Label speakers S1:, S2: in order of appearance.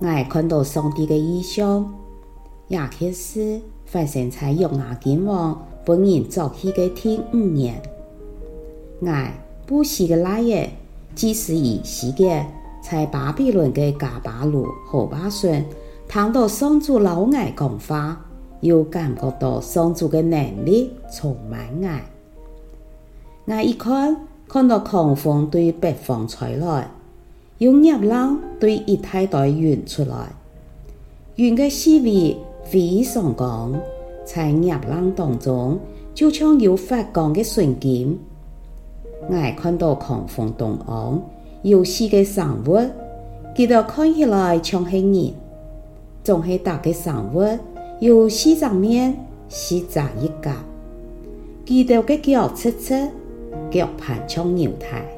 S1: 我看到上帝嘅異象，也開始發生在肉眼見望本應作起的天五年。我不習個那日，即使二時嘅，在巴比倫的嘎巴魯河巴順上，聽到上主老愛講話，又感覺到上主的能力充滿我。我一看，看到狂風對北方吹來。用入腦對一大堆運出來，運個思維非常光，在熱浪當中就像有發光的瞬間，我看到狂風動昂，有四個生物，佢哋看起來像係人。總是大個生物，有四張面，四張一角，佢哋嘅腳赤赤，腳盤像牛態。